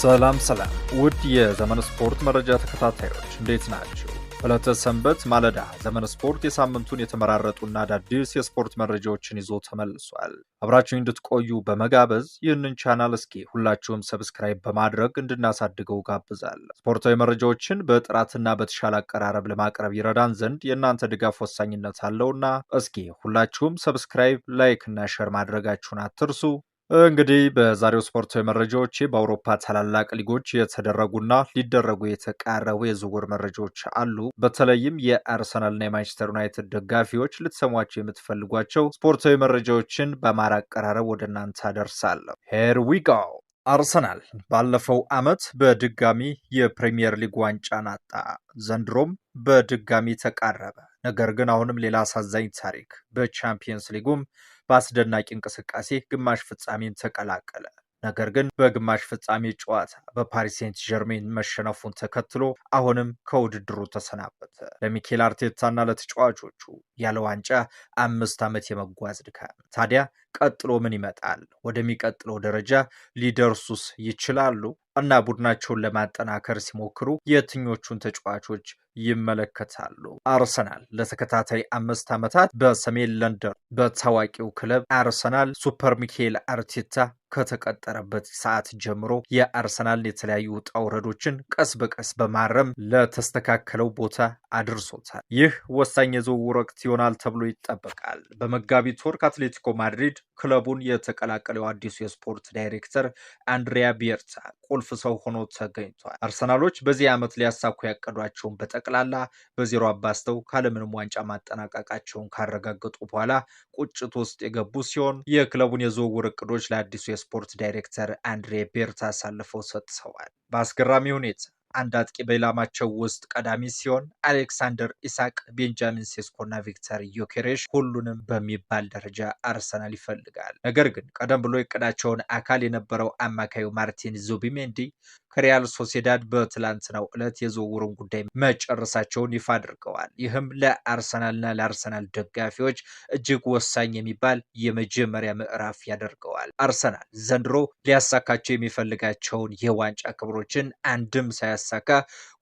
ሰላም ሰላም ውድ የዘመን ስፖርት መረጃ ተከታታዮች እንዴት ናቸው? ዕለተ ሰንበት ማለዳ ዘመን ስፖርት የሳምንቱን የተመራረጡና አዳዲስ የስፖርት መረጃዎችን ይዞ ተመልሷል። አብራችሁ እንድትቆዩ በመጋበዝ ይህንን ቻናል እስኪ ሁላችሁም ሰብስክራይብ በማድረግ እንድናሳድገው ጋብዛል። ስፖርታዊ መረጃዎችን በጥራትና በተሻለ አቀራረብ ለማቅረብ ይረዳን ዘንድ የእናንተ ድጋፍ ወሳኝነት አለውና እስኪ ሁላችሁም ሰብስክራይብ፣ ላይክ እና ሸር ማድረጋችሁን አትርሱ። እንግዲህ በዛሬው ስፖርታዊ መረጃዎች በአውሮፓ ታላላቅ ሊጎች የተደረጉና ሊደረጉ የተቃረቡ የዝውውር መረጃዎች አሉ። በተለይም የአርሰናልና የማንቸስተር ዩናይትድ ደጋፊዎች ልትሰሟቸው የምትፈልጓቸው ስፖርታዊ መረጃዎችን በአማራ አቀራረብ ወደ እናንተ አደርሳለሁ። ሄር ዊ ጎ። አርሰናል ባለፈው ዓመት በድጋሚ የፕሪምየር ሊግ ዋንጫን አጣ። ዘንድሮም በድጋሚ ተቃረበ። ነገር ግን አሁንም ሌላ አሳዛኝ ታሪክ በቻምፒየንስ ሊጉም በአስደናቂ እንቅስቃሴ ግማሽ ፍጻሜን ተቀላቀለ። ነገር ግን በግማሽ ፍጻሜ ጨዋታ በፓሪስ ሴንት ጀርሜን መሸነፉን ተከትሎ አሁንም ከውድድሩ ተሰናበተ። ለሚኬል አርቴታና ለተጫዋቾቹ ያለ ዋንጫ አምስት ዓመት የመጓዝ ድካም። ታዲያ ቀጥሎ ምን ይመጣል? ወደሚቀጥለው ደረጃ ሊደርሱስ ይችላሉ? እና ቡድናቸውን ለማጠናከር ሲሞክሩ የትኞቹን ተጫዋቾች ይመለከታሉ። አርሰናል ለተከታታይ አምስት ዓመታት በሰሜን ለንደን በታዋቂው ክለብ አርሰናል ሱፐር ሚካኤል አርቴታ ከተቀጠረበት ሰዓት ጀምሮ የአርሰናልን የተለያዩ ውጣ ውረዶችን ቀስ በቀስ በማረም ለተስተካከለው ቦታ አድርሶታል። ይህ ወሳኝ የዝውውር ወቅት ይሆናል ተብሎ ይጠበቃል። በመጋቢት ወር ከአትሌቲኮ ማድሪድ ክለቡን የተቀላቀለው አዲሱ የስፖርት ዳይሬክተር አንድሪያ ቢየርታ ቁልፍ ሰው ሆኖ ተገኝቷል። አርሰናሎች በዚህ ዓመት ሊያሳኩ ያቀዷቸውን በጠቅ በጠቅላላ በዜሮ አባስተው ካለምንም ዋንጫ ማጠናቀቃቸውን ካረጋገጡ በኋላ ቁጭት ውስጥ የገቡ ሲሆን የክለቡን የዝውውር እቅዶች ለአዲሱ የስፖርት ዳይሬክተር አንድሬ ቤርታ አሳልፈው ሰጥተዋል። በአስገራሚ ሁኔታ አንድ አጥቂ በኢላማቸው ውስጥ ቀዳሚ ሲሆን አሌክሳንደር ኢሳቅ፣ ቤንጃሚን ሴስኮና ቪክተር ዮኬሬሽ ሁሉንም በሚባል ደረጃ አርሰናል ይፈልጋል። ነገር ግን ቀደም ብሎ የቀዳቸውን አካል የነበረው አማካዩ ማርቲን ዙቢሜንዲ ከሪያል ሶሴዳድ በትላንትናው ዕለት የዝውውሩን ጉዳይ መጨረሳቸውን ይፋ አድርገዋል። ይህም ለአርሰናልና ለአርሰናል ደጋፊዎች እጅግ ወሳኝ የሚባል የመጀመሪያ ምዕራፍ ያደርገዋል። አርሰናል ዘንድሮ ሊያሳካቸው የሚፈልጋቸውን የዋንጫ ክብሮችን አንድም ሳያ ሳያሳካ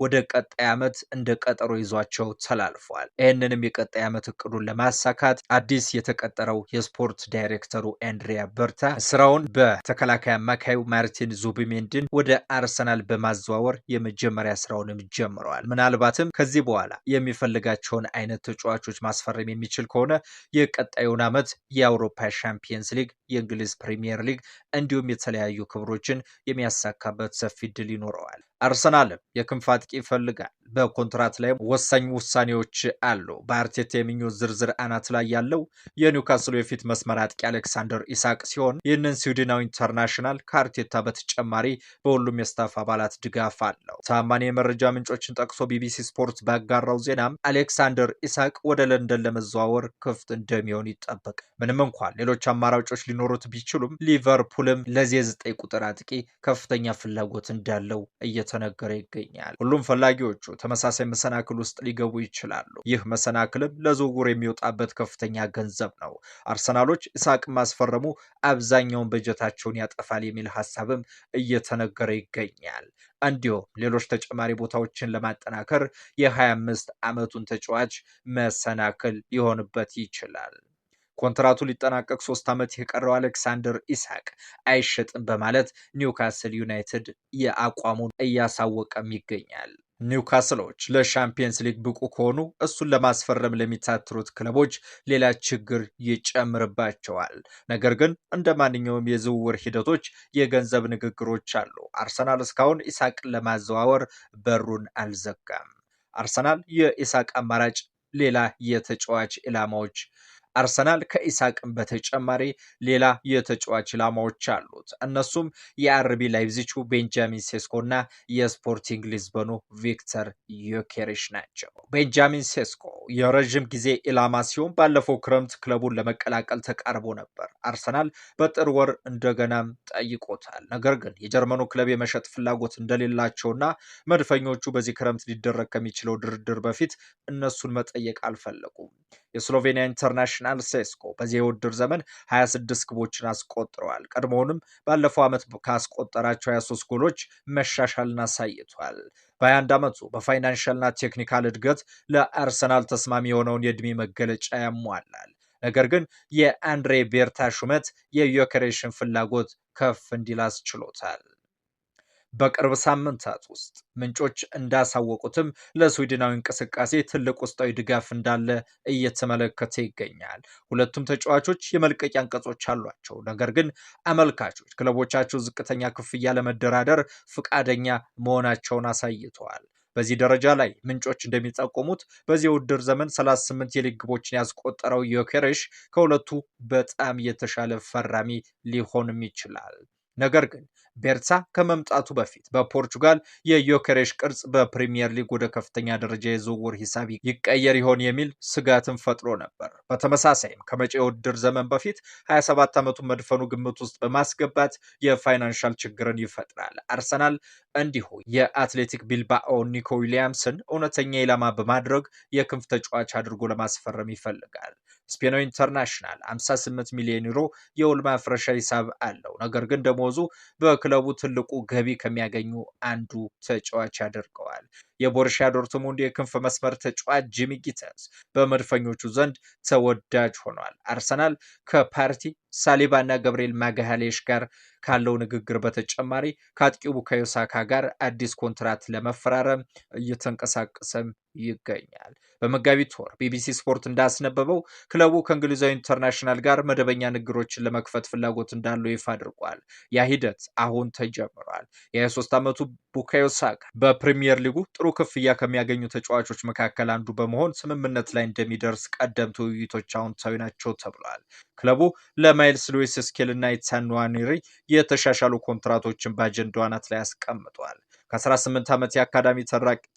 ወደ ቀጣይ ዓመት እንደ ቀጠሮ ይዟቸው ተላልፏል። ይህንንም የቀጣይ ዓመት እቅዱን ለማሳካት አዲስ የተቀጠረው የስፖርት ዳይሬክተሩ ኤንድሪያ በርታ ስራውን በተከላካይ አማካዩ ማርቲን ዙቢሜንድን ወደ አርሰናል በማዘዋወር የመጀመሪያ ስራውንም ጀምረዋል። ምናልባትም ከዚህ በኋላ የሚፈልጋቸውን አይነት ተጫዋቾች ማስፈረም የሚችል ከሆነ የቀጣዩን ዓመት የአውሮፓ ሻምፒየንስ ሊግ፣ የእንግሊዝ ፕሪሚየር ሊግ እንዲሁም የተለያዩ ክብሮችን የሚያሳካበት ሰፊ ድል ይኖረዋል። አርሰናልም የክንፍ አጥቂ ይፈልጋል። በኮንትራት ላይ ወሳኝ ውሳኔዎች አሉ። በአርቴታ የምኞት ዝርዝር አናት ላይ ያለው የኒውካስሉ የፊት መስመር አጥቂ አሌክሳንደር ኢሳቅ ሲሆን ይህንን ስዊድናዊ ኢንተርናሽናል ከአርቴታ በተጨማሪ በሁሉም የስታፍ አባላት ድጋፍ አለው። ታማኒ የመረጃ ምንጮችን ጠቅሶ ቢቢሲ ስፖርት ባጋራው ዜናም አሌክሳንደር ኢሳቅ ወደ ለንደን ለመዘዋወር ክፍት እንደሚሆን ይጠበቃል። ምንም እንኳን ሌሎች አማራጮች ሊኖሩት ቢችሉም ሊቨርፑልም ለዚህ የዘጠኝ ቁጥር አጥቂ ከፍተኛ ፍላጎት እንዳለው እየ እየተነገረ ይገኛል። ሁሉም ፈላጊዎቹ ተመሳሳይ መሰናክል ውስጥ ሊገቡ ይችላሉ። ይህ መሰናክልም ለዝውውር የሚወጣበት ከፍተኛ ገንዘብ ነው። አርሰናሎች ኢሳቅን ማስፈረሙ አብዛኛውን በጀታቸውን ያጠፋል የሚል ሀሳብም እየተነገረ ይገኛል። እንዲሁም ሌሎች ተጨማሪ ቦታዎችን ለማጠናከር የ25 ዓመቱን ተጫዋች መሰናክል ሊሆንበት ይችላል። ኮንትራቱ ሊጠናቀቅ ሶስት ዓመት የቀረው አሌክሳንደር ኢሳቅ አይሸጥም በማለት ኒውካስል ዩናይትድ የአቋሙን እያሳወቀም ይገኛል። ኒውካስሎች ለሻምፒየንስ ሊግ ብቁ ከሆኑ እሱን ለማስፈረም ለሚታትሩት ክለቦች ሌላ ችግር ይጨምርባቸዋል። ነገር ግን እንደ ማንኛውም የዝውውር ሂደቶች የገንዘብ ንግግሮች አሉ። አርሰናል እስካሁን ኢሳቅን ለማዘዋወር በሩን አልዘጋም። አርሰናል የኢሳቅ አማራጭ ሌላ የተጫዋች ኢላማዎች አርሰናል ከኢሳቅን በተጨማሪ ሌላ የተጫዋች ላማዎች አሉት። እነሱም የአርቢ ላይብዚቹ ቤንጃሚን ሴስኮ እና የስፖርቲንግ ሊዝበኑ ቪክተር ዮኬሪሽ ናቸው። ቤንጃሚን ሴስኮ የረዥም ጊዜ ኢላማ ሲሆን ባለፈው ክረምት ክለቡን ለመቀላቀል ተቃርቦ ነበር። አርሰናል በጥር ወር እንደገናም ጠይቆታል። ነገር ግን የጀርመኑ ክለብ የመሸጥ ፍላጎት እንደሌላቸውና መድፈኞቹ በዚህ ክረምት ሊደረግ ከሚችለው ድርድር በፊት እነሱን መጠየቅ አልፈለጉም። የስሎቬኒያ ኢንተርናሽናል ኢንተርናሽናል ሴስኮ በዚህ የውድድር ዘመን 26 ግቦችን አስቆጥረዋል። ቀድሞውንም ባለፈው ዓመት ካስቆጠራቸው 23 ጎሎች መሻሻልን አሳይቷል። በ21 ዓመቱ በፋይናንሻልና ቴክኒካል እድገት ለአርሰናል ተስማሚ የሆነውን የዕድሜ መገለጫ ያሟላል። ነገር ግን የአንድሬ ቤርታ ሹመት የዮከሬሽን ፍላጎት ከፍ እንዲል አስችሎታል። በቅርብ ሳምንታት ውስጥ ምንጮች እንዳሳወቁትም ለስዊድናዊ እንቅስቃሴ ትልቅ ውስጣዊ ድጋፍ እንዳለ እየተመለከተ ይገኛል። ሁለቱም ተጫዋቾች የመልቀቂያ አንቀጾች አሏቸው። ነገር ግን አመልካቾች ክለቦቻቸው ዝቅተኛ ክፍያ ለመደራደር ፈቃደኛ መሆናቸውን አሳይተዋል። በዚህ ደረጃ ላይ ምንጮች እንደሚጠቁሙት በዚህ ውድድር ዘመን 38 የሊግ ግቦችን ያስቆጠረው ዮኬሬሽ ከሁለቱ በጣም የተሻለ ፈራሚ ሊሆንም ይችላል። ነገር ግን ቤርሳ ከመምጣቱ በፊት በፖርቹጋል የዮከሬሽ ቅርጽ በፕሪሚየር ሊግ ወደ ከፍተኛ ደረጃ የዝውውር ሂሳብ ይቀየር ይሆን የሚል ስጋትን ፈጥሮ ነበር። በተመሳሳይም ከመጪ የውድድር ዘመን በፊት 27 ዓመቱን መድፈኑ ግምት ውስጥ በማስገባት የፋይናንሻል ችግርን ይፈጥራል። አርሰናል እንዲሁ የአትሌቲክ ቢልባኦ ኒኮ ዊሊያምስን እውነተኛ ኢላማ በማድረግ የክንፍ ተጫዋች አድርጎ ለማስፈረም ይፈልጋል። ስፔናዊ ኢንተርናሽናል 58 ሚሊዮን ዩሮ የውል ማፍረሻ ሂሳብ አለው። ነገር ግን ደሞዙ በ ለክለቡ ትልቁ ገቢ ከሚያገኙ አንዱ ተጫዋች ያደርገዋል። የቦርሻ ዶርትሙንድ የክንፍ መስመር ተጫዋች ጂሚ ጊተንስ በመድፈኞቹ ዘንድ ተወዳጅ ሆኗል። አርሰናል ከፓርቲ ሳሊባ እና ገብርኤል ማጋሃሌሽ ጋር ካለው ንግግር በተጨማሪ ከአጥቂው ቡካዮ ሳካ ጋር አዲስ ኮንትራት ለመፈራረም እየተንቀሳቀሰም ይገኛል። በመጋቢት ወር ቢቢሲ ስፖርት እንዳስነበበው ክለቡ ከእንግሊዛዊ ኢንተርናሽናል ጋር መደበኛ ንግግሮችን ለመክፈት ፍላጎት እንዳለው ይፋ አድርጓል። ያ ሂደት አሁን ተጀምሯል። የ23 ዓመቱ ቡካዮ ሳካ በፕሪሚየር ሊጉ ጥሩ ክፍያ ከሚያገኙ ተጫዋቾች መካከል አንዱ በመሆን ስምምነት ላይ እንደሚደርስ ቀደምት ውይይቶች አዎንታዊ ናቸው ተብሏል። ክለቡ ለማይልስ ሉዊስ ስኬል እና ኢታን ንዋነሪ የተሻሻሉ ኮንትራቶችን በአጀንዳው አናት ላይ አስቀምጧል። ከ18 ዓመት የአካዳሚ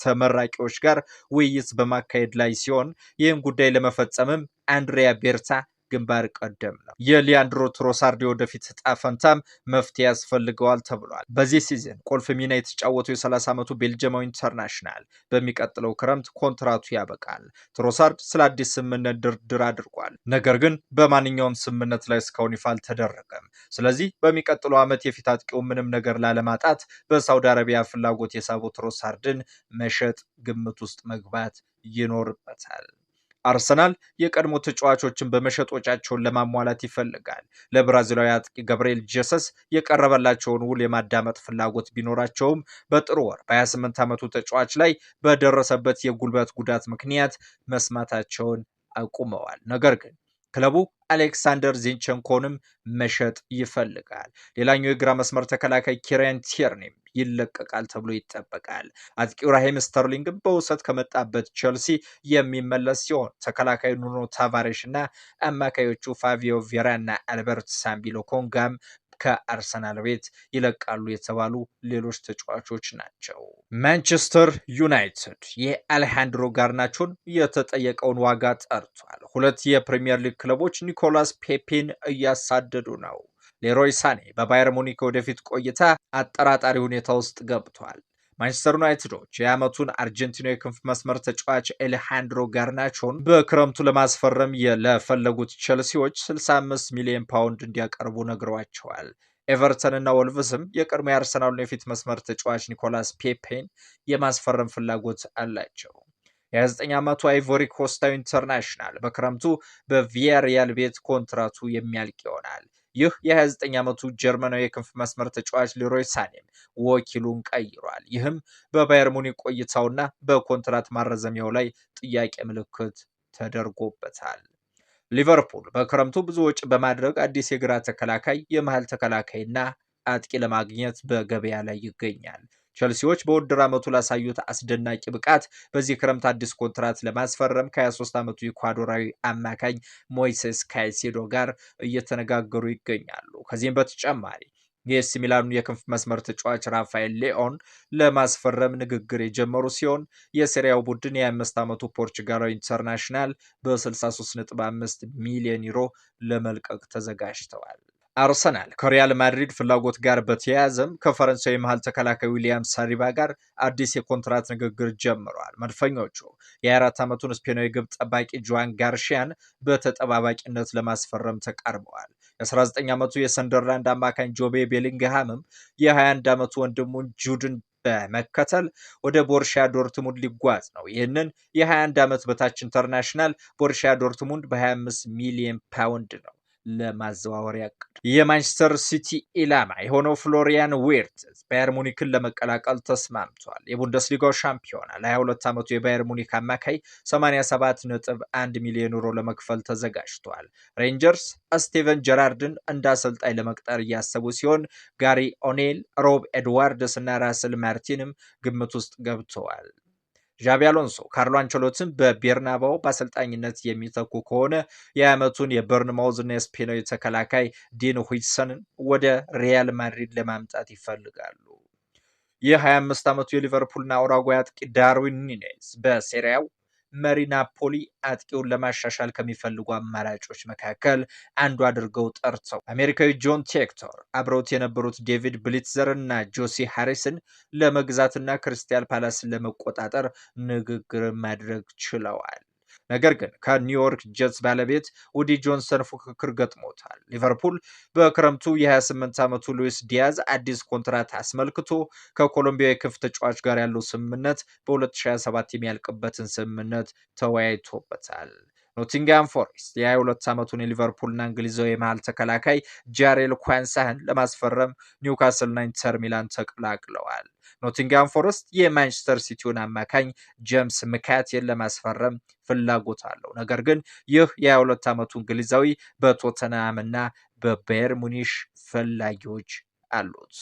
ተመራቂዎች ጋር ውይይት በማካሄድ ላይ ሲሆን ይህን ጉዳይ ለመፈጸምም አንድሪያ ቤርታ ግንባር ቀደም ነው። የሊያንድሮ ትሮሳርድ የወደፊት ዕጣ ፈንታም መፍትሄ ያስፈልገዋል ተብሏል። በዚህ ሲዝን ቁልፍ ሚና የተጫወተው የ30 ዓመቱ ቤልጅማዊ ኢንተርናሽናል በሚቀጥለው ክረምት ኮንትራቱ ያበቃል። ትሮሳርድ ስለ አዲስ ስምምነት ድርድር አድርጓል። ነገር ግን በማንኛውም ስምምነት ላይ እስካሁን ይፋ አልተደረገም። ስለዚህ በሚቀጥለው ዓመት የፊት አጥቂው ምንም ነገር ላለማጣት በሳውዲ አረቢያ ፍላጎት የሳቡ ትሮሳርድን መሸጥ ግምት ውስጥ መግባት ይኖርበታል። አርሰናል የቀድሞ ተጫዋቾችን በመሸጥ ወጪያቸውን ለማሟላት ይፈልጋል። ለብራዚላዊ አጥቂ ገብርኤል ጀሰስ የቀረበላቸውን ውል የማዳመጥ ፍላጎት ቢኖራቸውም በጥር ወር በ28 ዓመቱ ተጫዋች ላይ በደረሰበት የጉልበት ጉዳት ምክንያት መስማታቸውን አቁመዋል። ነገር ግን ክለቡ አሌክሳንደር ዚንቸንኮንም መሸጥ ይፈልጋል። ሌላኛው የግራ መስመር ተከላካይ ኪራን ቲርኒም ይለቀቃል ተብሎ ይጠበቃል። አጥቂው ራሂም ስተርሊንግን በውሰት ከመጣበት ቼልሲ የሚመለስ ሲሆን ተከላካዩ ኑኖ ታቫሬሽ እና አማካዮቹ ፋቪዮ ቬራ እና አልበርት ሳምቢሎ ኮንጋም ከአርሰናል ቤት ይለቃሉ የተባሉ ሌሎች ተጫዋቾች ናቸው። ማንቸስተር ዩናይትድ የአሌሃንድሮ ጋርናቾን የተጠየቀውን ዋጋ ጠርቷል። ሁለት የፕሪምየር ሊግ ክለቦች ኒኮላስ ፔፔን እያሳደዱ ነው። ሌሮይ ሳኔ በባየር ሙኒክ ወደፊት ቆይታ አጠራጣሪ ሁኔታ ውስጥ ገብቷል። ማንቸስተር ዩናይትዶች የዓመቱን አርጀንቲና የክንፍ መስመር ተጫዋች ኤሌሃንድሮ ጋርናቾን በክረምቱ ለማስፈረም ለፈለጉት ቸልሲዎች 65 ሚሊዮን ፓውንድ እንዲያቀርቡ ነግረዋቸዋል። ኤቨርተንና ወልቭስም የቀድሞ የአርሰናሉን የፊት መስመር ተጫዋች ኒኮላስ ፔፔን የማስፈረም ፍላጎት አላቸው። የ29 ዓመቱ አይቮሪ ኮስታዊ ኢንተርናሽናል በክረምቱ በቪያሪያል ቤት ኮንትራቱ የሚያልቅ ይሆናል። ይህ የ29 ዓመቱ ጀርመናዊ የክንፍ መስመር ተጫዋች ሊሮይ ሳኔም ወኪሉን ቀይሯል። ይህም በባየር ሙኒክ ቆይታውና በኮንትራት ማረዘሚያው ላይ ጥያቄ ምልክት ተደርጎበታል። ሊቨርፑል በክረምቱ ብዙ ወጪ በማድረግ አዲስ የግራ ተከላካይ፣ የመሃል ተከላካይና አጥቂ ለማግኘት በገበያ ላይ ይገኛል። ቸልሲዎች በውድድር ዓመቱ ላሳዩት አስደናቂ ብቃት በዚህ ክረምት አዲስ ኮንትራት ለማስፈረም ከ23 ዓመቱ ኢኳዶራዊ አማካኝ ሞይሴስ ካይሴዶ ጋር እየተነጋገሩ ይገኛሉ። ከዚህም በተጨማሪ የኤሲ ሚላኑ የክንፍ መስመር ተጫዋች ራፋኤል ሌኦን ለማስፈረም ንግግር የጀመሩ ሲሆን የሴሪያው ቡድን የአምስት ዓመቱ ፖርቹጋላዊ ኢንተርናሽናል በ63.5 ሚሊዮን ዩሮ ለመልቀቅ ተዘጋጅተዋል። አርሰናል ከሪያል ማድሪድ ፍላጎት ጋር በተያያዘም ከፈረንሳዊ መሀል ተከላካይ ዊሊያም ሳሪባ ጋር አዲስ የኮንትራት ንግግር ጀምረዋል። መድፈኞቹ የ24 ዓመቱን ስፔናዊ ግብ ጠባቂ ጆዋን ጋርሺያን በተጠባባቂነት ለማስፈረም ተቃርበዋል። የ19 ዓመቱ የሰንደርላንድ አማካኝ ጆቤ ቤሊንግሃምም የ21 ዓመቱ ወንድሙን ጁድን በመከተል ወደ ቦርሻ ዶርትሙንድ ሊጓዝ ነው። ይህንን የ21 ዓመት በታች ኢንተርናሽናል ቦርሻ ዶርትሙንድ በ25 ሚሊዮን ፓውንድ ነው ለማዘዋወሪያ ዕቅዱ የማንቸስተር ሲቲ ኢላማ የሆነው ፍሎሪያን ዊርት ባየር ሙኒክን ለመቀላቀል ተስማምቷል። የቡንደስሊጋው ሻምፒዮና ለ22 ዓመቱ የባየር ሙኒክ አማካይ 87.1 ሚሊዮን ዩሮ ለመክፈል ተዘጋጅቷል። ሬንጀርስ ስቲቨን ጀራርድን እንደ አሰልጣኝ ለመቅጠር እያሰቡ ሲሆን ጋሪ ኦኔል፣ ሮብ ኤድዋርድስ እና ራስል ማርቲንም ግምት ውስጥ ገብተዋል። ዣቢ አሎንሶ ካርሎ አንቸሎትን በቤርናባው በአሰልጣኝነት የሚተኩ ከሆነ የዓመቱን የበርንማውዝና የስፔናዊ ተከላካይ ዲን ሆጅሰንን ወደ ሪያል ማድሪድ ለማምጣት ይፈልጋሉ። የ25 ዓመቱ የሊቨርፑልና ኡራጓይ አጥቂ ዳርዊን ኒኔዝ በሴሪያው መሪ ናፖሊ አጥቂውን ለማሻሻል ከሚፈልጉ አማራጮች መካከል አንዱ አድርገው ጠርተው አሜሪካዊ ጆን ቴክቶር አብረውት የነበሩት ዴቪድ ብሊትዘር እና ጆሲ ሃሪስን ለመግዛትና ክርስቲያል ፓላስን ለመቆጣጠር ንግግር ማድረግ ችለዋል። ነገር ግን ከኒውዮርክ ጀትስ ባለቤት ውዲ ጆንሰን ፉክክር ገጥሞታል። ሊቨርፑል በክረምቱ የ28 ዓመቱ ሉዊስ ዲያዝ አዲስ ኮንትራት አስመልክቶ ከኮሎምቢያ የክፍት ተጫዋች ጋር ያለው ስምምነት በ2027 የሚያልቅበትን ስምምነት ተወያይቶበታል። ኖቲንግሃም ፎሬስት የ22 ዓመቱን የሊቨርፑልና እንግሊዛዊ የመሃል ተከላካይ ጃሬል ኳንሳህን ለማስፈረም ኒውካስልና ኢንተር ሚላን ተቀላቅለዋል። ኖቲንጋም ፎረስት የማንቸስተር ሲቲውን አማካኝ ጀምስ ምካቴን ለማስፈረም ፍላጎት አለው። ነገር ግን ይህ የ22 ዓመቱ እንግሊዛዊ በቶተንሃምና በባየር ሙኒሽ ፈላጊዎች አሉት።